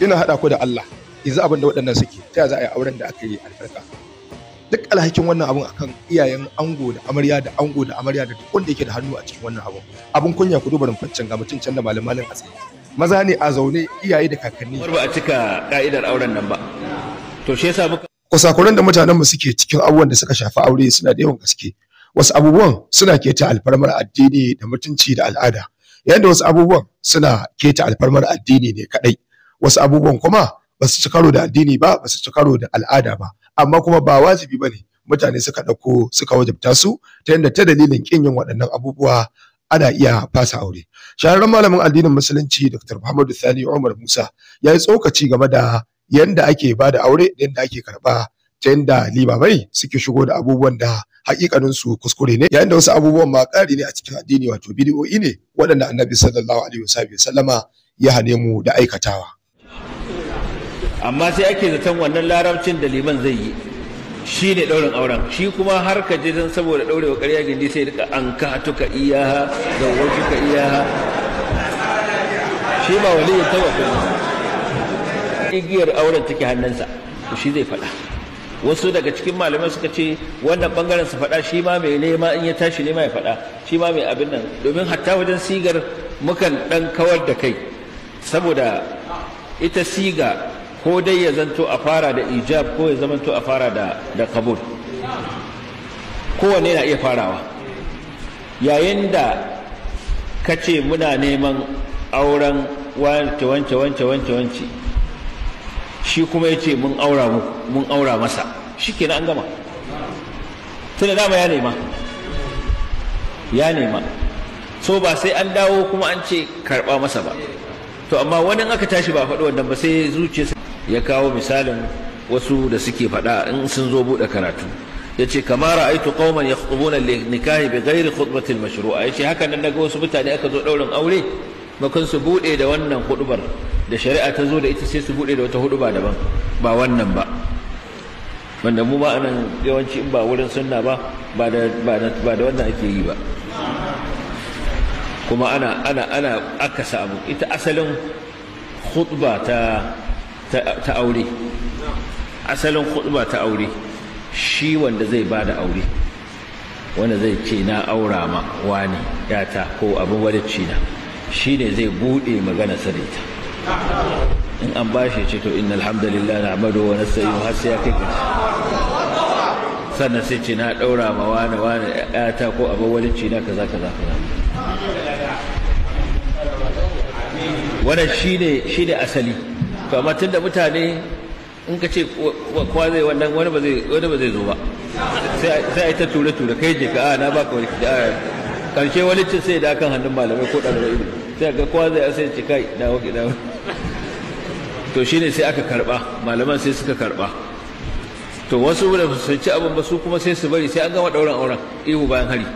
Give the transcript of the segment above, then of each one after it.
ina haɗa ku da Allah yanzu abin da waɗannan suke ta za a yi auren da aka yi albarka duk alhakin wannan abun akan iyayen ango da amarya da ango da amarya da duk wanda yake da hannu a cikin wannan abun abun kunya ku duba rumfaccen ga mutum can da malam-malam a asali maza ne a zaune iyaye da kakanni ba a cika ka'idar auren nan ba to shi yasa muka kusakuran da mutanenmu suke cikin abubuwan da suka shafi aure suna da yawan gaske wasu abubuwan suna keta alfarmar addini da mutunci da al'ada yadda wasu abubuwan suna keta alfarmar addini ne kadai wasu abubuwan kuma ba su ci karo da addini ba ba su ci karo da al'ada ba amma kuma ba wajibi ba ne mutane suka ɗauko suka wajabta su ta yadda ta dalilin ƙin yin waɗannan abubuwa ana iya fasa aure shahararren malamin addinin musulunci dr muhammadu sani umar musa ya yi tsokaci game da yadda ake ba da aure da yadda ake karba, ta yadda limamai suke shigo da abubuwan da hakikanin su kuskure ne yayin da wasu abubuwan ma kare ne a cikin addini wato bidiyo'i ne waɗanda annabi sallallahu alaihi wasallama ya hane mu da aikatawa amma sai ake zaton wannan larabcin da liman zai yi shi ne ɗaurin auren shi kuma har ka je don saboda wa ƙarya gindi sai duka an ka tuka iyaha da ka iyaha shi ba wali ya taba igiyar auren take hannunsa shi zai faɗa wasu daga cikin malamai suka ce wannan bangaren su faɗa shi ma mai nema in ya tashi nema ya faɗa shi ma mai abin nan domin hatta wajen sigar mukan ɗan kawar da kai saboda ita siga ko dai ya zanto a fara da ijab ko ya zamanto a fara da kabul kowanne na iya farawa yayin da ka ce muna neman auren wance wance wance wance wance shi kuma ya ce mun aura masa shi kenan an gama da dama ya nema ya nema so ba sai an dawo kuma an ce karɓa masa ba to amma wani aka tashi ba faɗi wannan ba sai zuciya ya kawo misalin wasu da suke faɗa in sun zo buɗe karatu ya yace kama ra'aytu qauman yakhtubuna li nikahi bighairi khutbati al-mashru'a ce haka nan daga wasu mutane aka zo ɗaurin aure makon su buɗe da wannan hudubar da shari'a ta zo da ita sai su buɗe da wata huduba daban ba wannan ba wanda mu ba anan yawanci in ba wurin sunna ba ba da ba da wannan ake yi ba kuma ana ana ana akasa abu ita asalin khutba ta ta aure asalin khutba ta aure shi wanda zai bada aure wanda zai ce na aura ma wani yata ko abin ci na shi ne zai buɗe magana sarita in an ba shi ce to inna alhamdulillah na amadu wa nasta'inu har sai ya kai sannan sai ce na ɗaura ma wani wani yata ko abin ci na kaza kaza kaza wannan shi ne asali to amma da mutane in ka ce kowa zai wannan wani ba zai zo ba sai a yi ta tura tura kai je ka ah, a ba baka wani da ah, karshe wani cin sai da kan hannun malamai ko ɗalibai ilimi sai ga kowa zai asai ce kai da wake da to shine sai aka karɓa malaman sai suka karɓa to wasu da sun ci abin ba su kuma sai su bari sai an gama ɗauran auren ihu bayan hari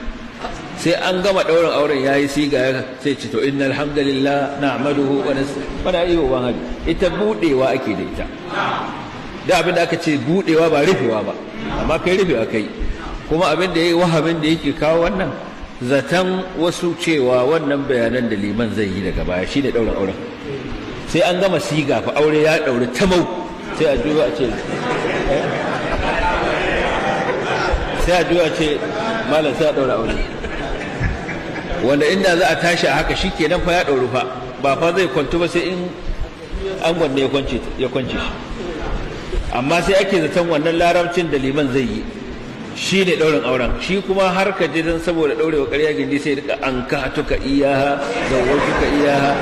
sai an gama ɗaurin auren ya yi siga sai ce to inna alhamdulillah na na'maduhu wa mana iya ban hajji ita budewa ake da ita da abin da aka ce budewa ba rufewa ba amma kai rufewa kai kuma abin da yi wahabin da yake kawo wannan zaton wasu cewa wannan bayanan da liman zai yi daga baya shine ɗaurin auren sai an gama siga fa aure ya ɗauri tamau sai a juyo a ce eh? sai a juya a ce malam sai a ɗaura aure wanda inda za a tashi a haka shi kenan fa ya ɗauri fa ba fa zai kwantu ba sai in an gwanne ya kwance shi amma sai ake zaton wannan larabcin da liman zai yi shi ne ɗaurin auren shi kuma har ka je don saboda ɗaurewa ƙarya gindi sai duka an ka tuka iyaha da ka iyaha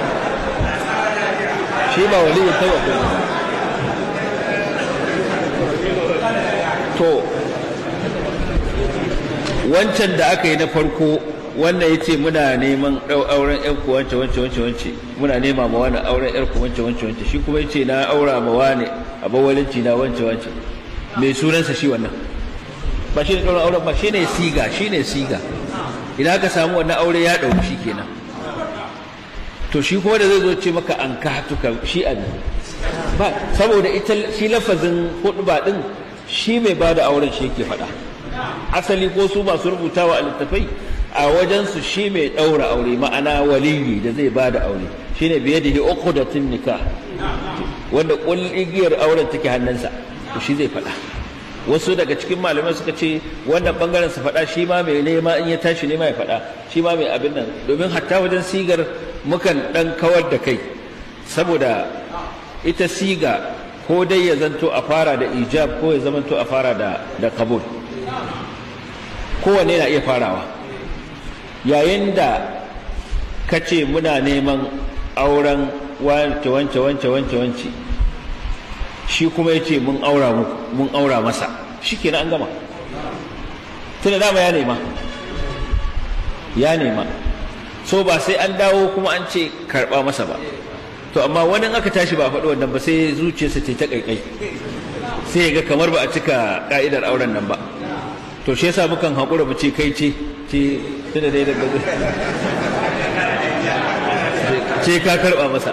shi ba waliyin tawakkul to wancan da aka yi na farko wannan yace muna neman dau auren yar ku wance wance wance wance muna nema ma wani auren yar ku wance wance wance shi kuma yace na aura ma wani walinci na wance wance mai sunansa shi wannan ba shi ne dauran auren ba shi ne siga shi ne siga idan ka samu wannan aure ya dauki shi kenan to shi kuma da zai zo ce maka an ka hatuka shi a ba saboda ita shi lafazin hudba din shi mai bada auren shi yake faɗa asali ko su su rubutawa wa littafai a wajensu shi mai ɗaura aure ma'ana waliyi da zai ba da aure shi ne biye da uku da nika. wanda igiyar auren take hannunsa shi zai faɗa wasu daga cikin malamai suka ce wannan bangaren su faɗa shi ma mai nema in ya tashi nema ya faɗa shi ma mai abin nan domin hatta wajen sigar mukan ɗan kawar da kai saboda ita siga ko dai ya zanto a fara da ijab ko ya zamanto a fara da kabul kowanne na iya farawa yayin da ka ce muna neman auren wance wance wance wance wance shi kuma ya ce mun aura masa shi kenan an gama tun da dama ya nema ya nema so ba sai an dawo kuma an ce karba masa ba to amma wani aka tashi ba faɗi wannan ba sai zuciyarsa ta ƙaiƙai sai ya ga kamar ba a cika ƙa'idar auren nan ba to shi yasa mukan haƙura mu ce kai ce ce shi da dai daga ce ka karba masa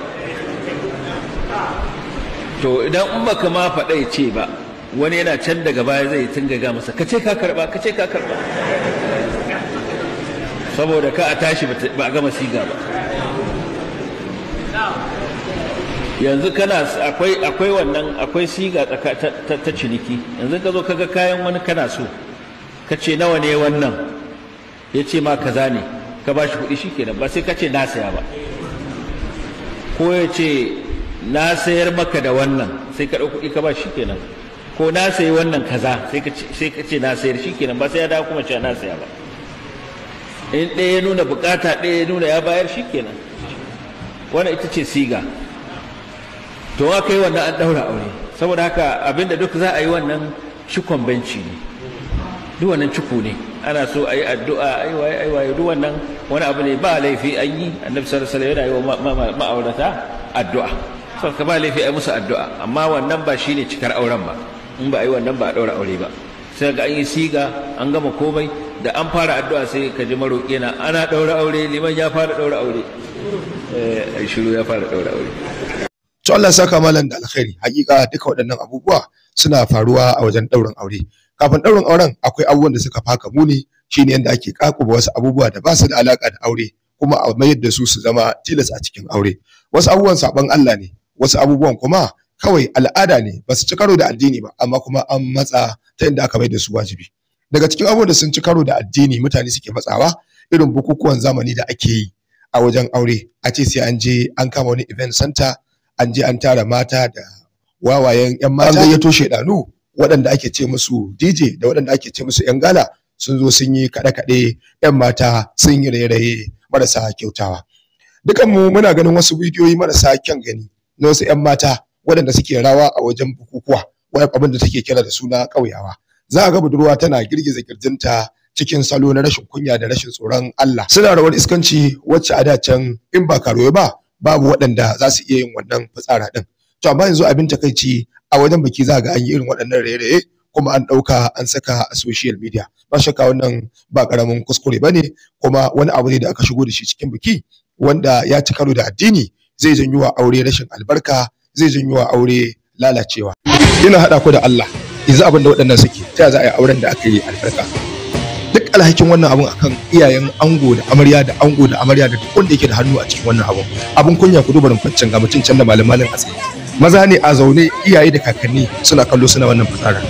to idan in baka ma faɗa ce ba wani yana can daga baya zai ga masa ka ce ka karba ka ce ka karba saboda ka a tashi ba a gama siga ba yanzu kana akwai akwai wannan akwai siga ta ciniki yanzu ka zo kaga kayan wani kana so ka ce nawa ne wannan ya ce ma kaza ne ka ba shi kuɗi shikenan ba sai ka ce na saya ba ko ya ce na sayar maka da wannan sai ka ɗau kuɗi ka ba shi kenan ko na sayi wannan kaza sai ka ce na sayar shikenan ba sai ya dawo kuma cewa na saya ba in ɗaya ya nuna bukata ɗaya ya nuna ya bayar shikenan wannan ita ce siga to wa kai wannan an ɗaura aure saboda haka abinda duk za a yi wannan cikon benci ne duk wannan ciko ne ana so a yi addu'a aiwaye aiwaye duk wannan wani abu ne ba laifi an yi annabi sallallahu alaihi yana yi wa ma'aurata addu'a saboda ba laifi a musu addu'a amma wannan ba shine cikar auren ba in ba a yi wannan ba a ɗaura aure ba sai ga an yi siga an gama komai da an fara addu'a sai ka ji maroƙi na ana ɗaura aure liman ya fara ɗaura aure eh, shiru ya fara ɗaura aure to Allah saka malam da alkhairi hakika duka waɗannan abubuwa suna faruwa a wajen ɗaurin aure kafin ɗaurin auren akwai abubuwan da suka faka muni shine yadda ake kakuba wasu abubuwa da ba su da alaka da aure kuma a mayar da su su zama tilas a cikin aure wasu abubuwan saban Allah ne wasu abubuwan kuma kawai al'ada ne ba su ci karo da addini ba amma kuma an matsa ta yadda aka mai da su wajibi daga cikin abubuwan da sun ci karo da addini mutane suke matsawa irin bukukuwan zamani da ake yi a wajen aure a ce sai an je an kama wani event center an je an tara mata da wawayen yan mata an gayyato shedanu waɗanda ake ce musu DJ da waɗanda ake ce musu 'yan gala sun zo sun yi kaɗe-kaɗe 'yan mata sun yi raye-raye marasa kyautawa. dukan mu muna ganin wasu bidiyoyi marasa kyan gani na wasu 'yan mata waɗanda suke rawa a wajen bukukuwa wani abin da take kira da suna ƙauyawa. Za a ga budurwa tana girgiza kirjinta cikin salo na rashin kunya da rashin tsoron Allah. Suna rawar iskanci wacce a da can in ba karo ba babu waɗanda za su iya yin wannan fitsara ɗin. To amma yanzu abin takaici a wajen biki za ga an yi irin waɗannan raye-raye kuma an ɗauka an saka a social media ba shakka wannan ba ƙaramin kuskure ba ne kuma wani abu ne da aka shigo da shi cikin biki wanda ya ci karo da addini zai janyo wa aure rashin albarka zai janyo wa aure lalacewa Ina haɗa ku da Allah yanzu abin da waɗannan suke ta za a yi auren da aka yi albarka duk alhakin wannan abun akan iyayen ango da amarya da ango da amarya da duk wanda yake da hannu a cikin wannan abun abun kunya ku duba rumfancin ga mutum can da malam asali maza ne a zaune iyaye da kakanni suna kallo suna wannan fasara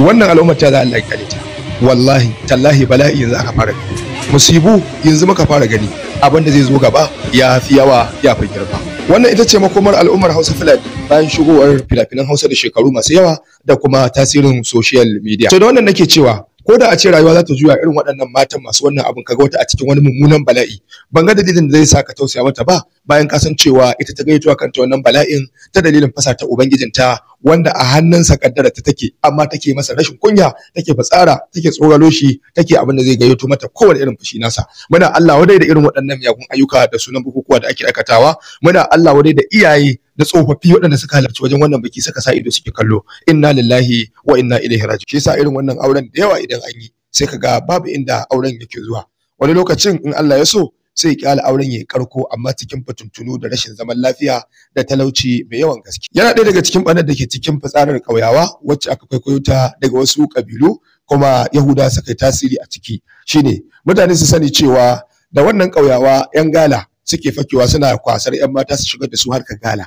wannan al'ummar ta za Allah ya kare ta wallahi tallahi bala'i yanzu aka fara gani. musibu yanzu muka fara gani abin da zai zo gaba ya fi yawa ya fi girma wannan ita ce makomar al'ummar hausa fulani bayan shigowar filafinan hausa da shekaru masu yawa da kuma tasirin social media to da wannan nake cewa ko da a ce rayuwa za ta juya irin waɗannan matan masu wannan abin kaga wata a cikin wani mummunan bala'i ban ga dalilin da zai sa ka tausaya mata ba bayan ka san cewa ita ta gaito kanta wannan bala'in ta dalilin fasa ta ubangijinta wanda a hannunsa kaddara ta take amma take masa rashin kunya take fatsara take tsoralo shi take abin da zai gayyato mata kowane irin fushi nasa muna Allah wadai da irin waɗannan miyagun ayyuka da sunan bukukuwa da ake aikatawa muna Allah wadai da iyaye da tsofaffi waɗanda suka halarci wajen wannan biki suka sa ido suke kallo inna lillahi wa inna ilaihi raji shi yasa irin wannan auren da yawa idan an yi sai ka ga babu inda auren yake zuwa wani lokacin in Allah ya so sai ki kyala auren ya karko amma cikin fatuntunu da rashin zaman lafiya da talauci mai yawan gaske yana ɗaya daga cikin ɓanar da ke cikin fitsarar ƙauyawa wacce aka kwaikwayo ta daga wasu ƙabilu kuma yahuda su kai tasiri a ciki shine mutane su sani cewa da wannan ƙauyawa 'yan gala suke fakewa suna kwasar 'yan mata su shigar da su harkar gala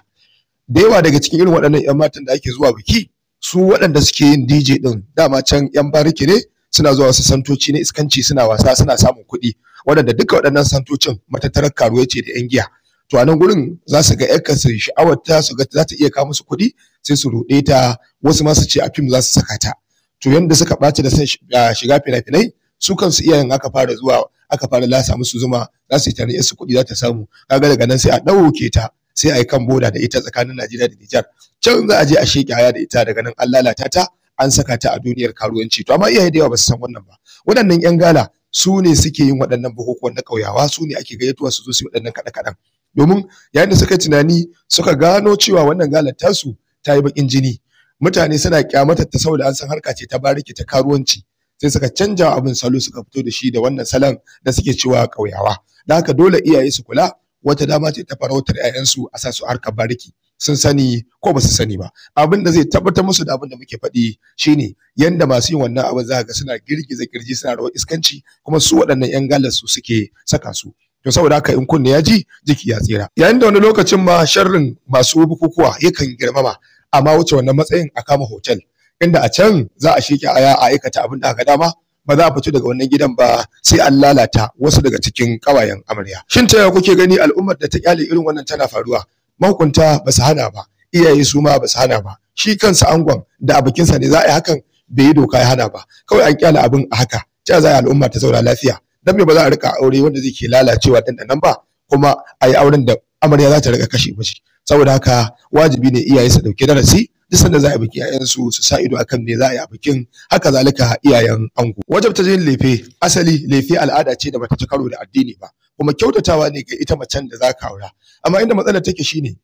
da yawa daga cikin irin waɗannan 'yan matan da ake zuwa biki su waɗanda suke yin DJ ɗin dama can 'yan bariki ne suna zuwa wasu santoci na iskanci suna wasa suna samun kuɗi waɗanda duka waɗannan santocin matattarar karuwa ce da yan giya to a nan gurin za su ga yarka su sha'awar ta su ga za ta iya kawo musu kuɗi sai su ruɗe ta wasu ma su ce a fim za su saka ta to yanda suka ɓaci da son shiga fina-finai su kansu iyayen aka fara zuwa aka fara lasa musu zuma za su yi tare su kuɗi za ta samu kaga daga nan sai a ɗauke ta sai a yi kan boda da ita tsakanin Najeriya da Nijar can za a je a sheƙi haya da ita daga nan an lalata ta an saka ta a duniyar karuwanci to amma iyaye da yawa ba su san wannan ba waɗannan yan gala su ne suke yin waɗannan bukukuwan na ƙauyawa su ne ake gayyatuwa su zo su yi waɗannan kaɗe-kaɗen domin yayin da suka tunani suka gano cewa wannan galar tasu ta yi baƙin jini mutane suna kyamatar ta saboda an san harka ce ta bariki ta karuwanci sai suka canja abin salo suka fito da shi da wannan salon da suke cewa ƙauyawa da haka dole iyaye su kula wata dama ce ta farautar 'ya'yansu a sa su harkar bariki sun sani ko ba su sani ba abin da zai tabbatar musu da abin da muke faɗi shine yanda masu yin wannan abin za ga suna girgiza girgi suna rawar iskanci kuma su waɗannan yan galar su suke saka su to saboda haka in kunne ya ji jiki ya tsira yayin da wani lokacin ma sharrin masu bukukuwa yakan girmama amma wuce wannan matsayin a kama hotel inda a can za a shike aya a aikata abin da aka dama ba za a fito daga wannan gidan ba sai an lalata wasu daga cikin kawayen amarya shin ta kuke gani al'ummar da ta kyale irin wannan tana faruwa mahukunta ba su hana ba iyaye su ma ba su hana ba shi kansa angon da abokinsa ne za a yi hakan bai yi doka ya hana ba kawai an kyala abin a haka ta za a al'umma ta zauna lafiya dan me ba za a rika aure wanda zai ke lalacewa dandanan ba kuma a yi auren da amarya za ta rika kashe mishi saboda haka wajibi ne iyaye su dauke darasi duk sanda za a biki yayansu su sa ido akan me za a yi a bikin haka zalika iyayen ango wajabta yin lefe asali lefe al'ada ce da bata ci karo da addini ba kuma kyautatawa ne ga ita macen da za ka aura amma inda matsalar take shine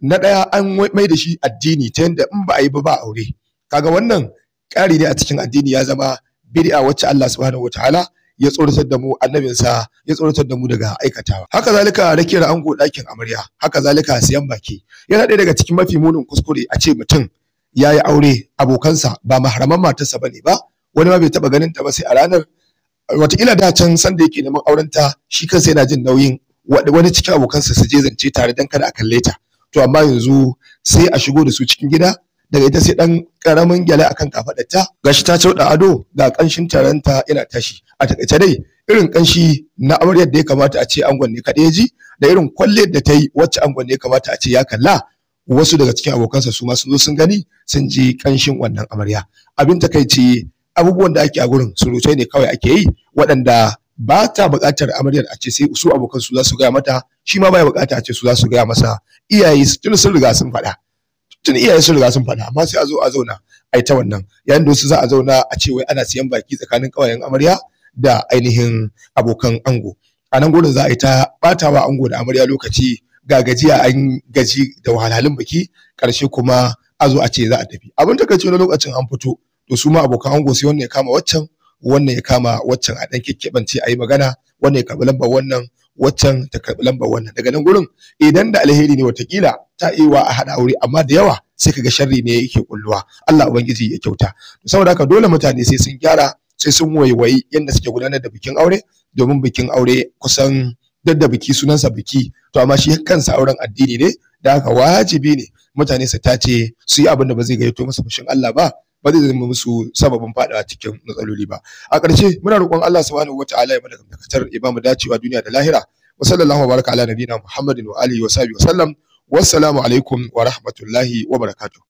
na ɗaya an mai da shi addini ta yadda in ba a yi ba ba aure kaga wannan ƙari ne a cikin addini ya zama bid'a wacce Allah subhanahu wataala ya tsoratar da mu annabinsa ya tsoratar da mu daga aikatawa haka zalika rake rakiyar ango ɗakin amarya haka zalika siyan baki yana ɗaya daga cikin mafi munin kuskure a ce mutum ya yi aure abokansa ba mahraman matarsa bane ba wani ma bai taɓa ganin ta ba sai a ranar wataƙila da can sanda yake neman auren ta shi kansa yana jin nauyin wani cikin abokansa su je zance tare dan kada a kalle ta to amma yanzu sai a shigo da su cikin gida daga ita sai dan karamin gyale akan ta gashi ta cauda ado ga kanshin taranta yana tashi a takaice dai irin kanshi na amaryar da ya kamata a ce angon ne kaɗai ji da irin kwalliyar da ta yi wacce angon ne ya kamata a ce ya kalla wasu daga cikin abokansa su ma sun zo sun gani sun ji kanshin wannan amarya abin takaice abubuwan da ake a gurin surutai ne kawai ake yi waɗanda ba ta buƙatar amaryar a ce sai su abokan su za su gaya mata shi ma baya buƙata a ce su za su gaya masa iyaye tun sun riga sun faɗa tun iyaye sun riga sun faɗa amma sai a zo a zauna a yi ta wannan yayin da su za a zauna a ce wai ana siyan baki tsakanin ƙawayen amarya da ainihin abokan ango a nan gurin za a yi ta wa ango da amarya lokaci ga gajiya an gaji da wahalhalun baki ƙarshe kuma a zo a ce za a tafi abin takaice na lokacin an fito to su ma abokan ango sai wannan ya kama waccan wannan ya kama waccan a dan kekkebance a yi magana wannan ya karɓi lambar wannan waccan ta karɓi lambar wannan daga nan gurin idan da alheri ne watakila ta iya a haɗa aure amma da yawa sai kaga sharri ne yake kulluwa Allah ubangiji ya kyauta saboda haka dole mutane sai sun gyara sai sun waiwayi yadda suke gudanar da bikin aure domin bikin aure kusan dadda biki sunansa biki to amma shi kansa auren addini ne da haka wajibi ne mutane su tace su yi abin da ba zai gayyato masa fushin Allah ba ba zai zama musu sababin a cikin matsaloli ba a ƙarshe muna roƙon Allah subhanahu wataala ya da takatar ya ba dacewa duniya da lahira wa sallallahu baraka ala nabiyina muhammadin wa alihi wa sahbihi wa sallam wassalamu alaikum wa rahmatullahi wa barakatuh